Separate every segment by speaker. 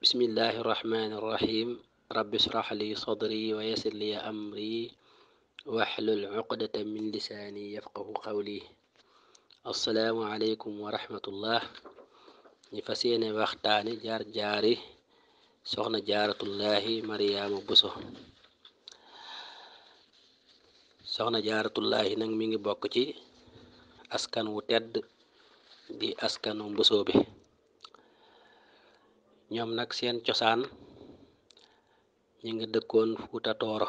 Speaker 1: bismillahi irrahmani irrahim rabbi israh li sadri wa li amri wahlul uqdata min lisaani yafqahu qawli assalaamu aleykum wa rahmatullah ñi fas yéene waxtaane jaar jaari soxna jaaratullahi mariyaama buso soxna jaaratullahi nag mi ngi bokk ci askan wu tedd di askanu mbuso bi ñoom nag seen cosaan ñu ngi dëkkoon Fuuta Tooro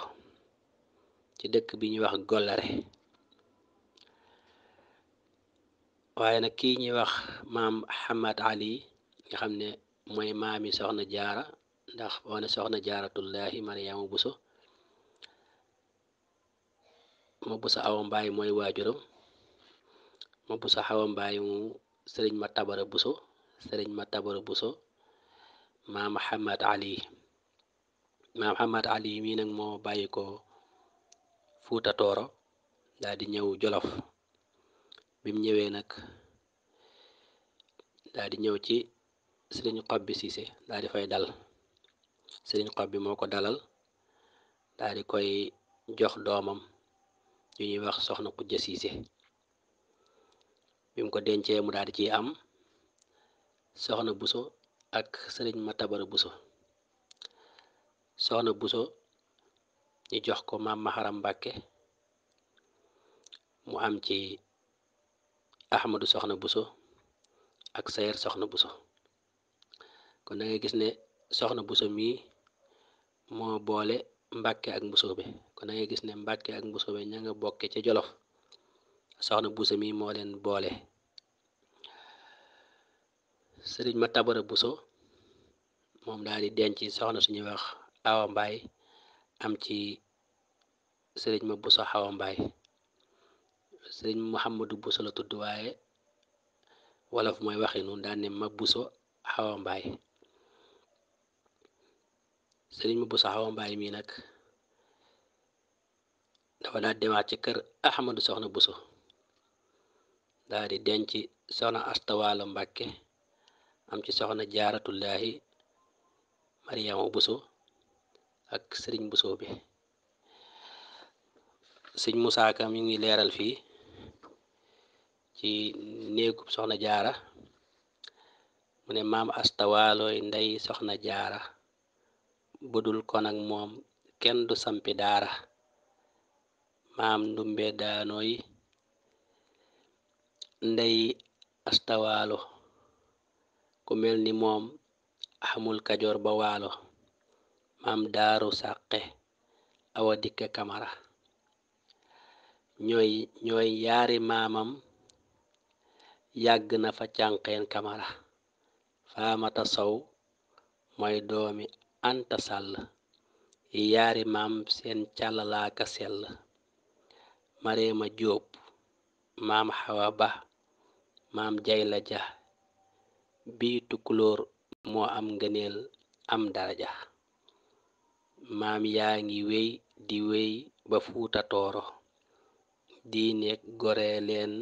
Speaker 1: ci dëkk bi ñuy wax Golléré waaye nag kii ñuy wax maam Hamad Ali nga xam ne mooy maami soxna jaara ndax wane soxna jaaratullahi Mariyaama Buso ma Buso Awa Mbaay mooy waajuram ma Buso Awa Mbaay mu sëriñ ma tabara Buso sëriñ ma tabara Buso maam Muhammad Ali maam Muhammad Ali mii nag moo bàyyi ko Fuuta Tooro ñëw Jolof bim ñëwee nag daldi ñëw ci sëriñ xob bi siise daal fay dal sëriñ xob bi moo ko dalal daldi koy jox doomam yu ñuy wax soxna kujja siise bim ko dencee mu daal di ciy am soxna buso ak sëriñ matabara buso soxna buso ñi jox ko maam maxaram mbàkke mu am ci ahmadu soxna buso ak sayer soxna buso kon dangay gis ne soxna buso mii moo boole mbàkke ak bi kon dangay gis ne mbàkke ak mbusoobe ña nga bokke ca jolof soxna buso mii moo leen boole sëriñ ma tabara buso moom daal di denc soxna suñuy wax awa mbaay am ci sëriñ ma buso awa mbaay sëriñ muhammadu buso la mooy waxi nun daan ne ma buso awa mbaay sëriñ ma buso awa mbaay mii nag dafa daal demaat ci kër ahmadu soxna buso daal di denc soxna astawaalo mbàkke am ci soxna jaaratullaahi mariama buso ak sëriñ buso bi sëñ Musaa Ka mi ngi leeral fii ci néegub soxna jaara mu ne maam astawaalooy ndey soxna jaara budul kon ak moom kenn du sampi daara maam ndumbe daanooy ndey astawaalu ku mel ni moom amul kajoor ba waalo maam daaru sàqe awa dikke kamara ñooy ñooy yaari maamam yàgg na fa cànqeen kamara faamata sow mooy doomi anta sàll yi yaari maam seen càllalaaka sell mareema jóob maam xawa ba maam jayla ja biitu tukkulóor moo am ngëneel am daraja maam yaa ngi wéy di wéy ba fuuta di diine gore leen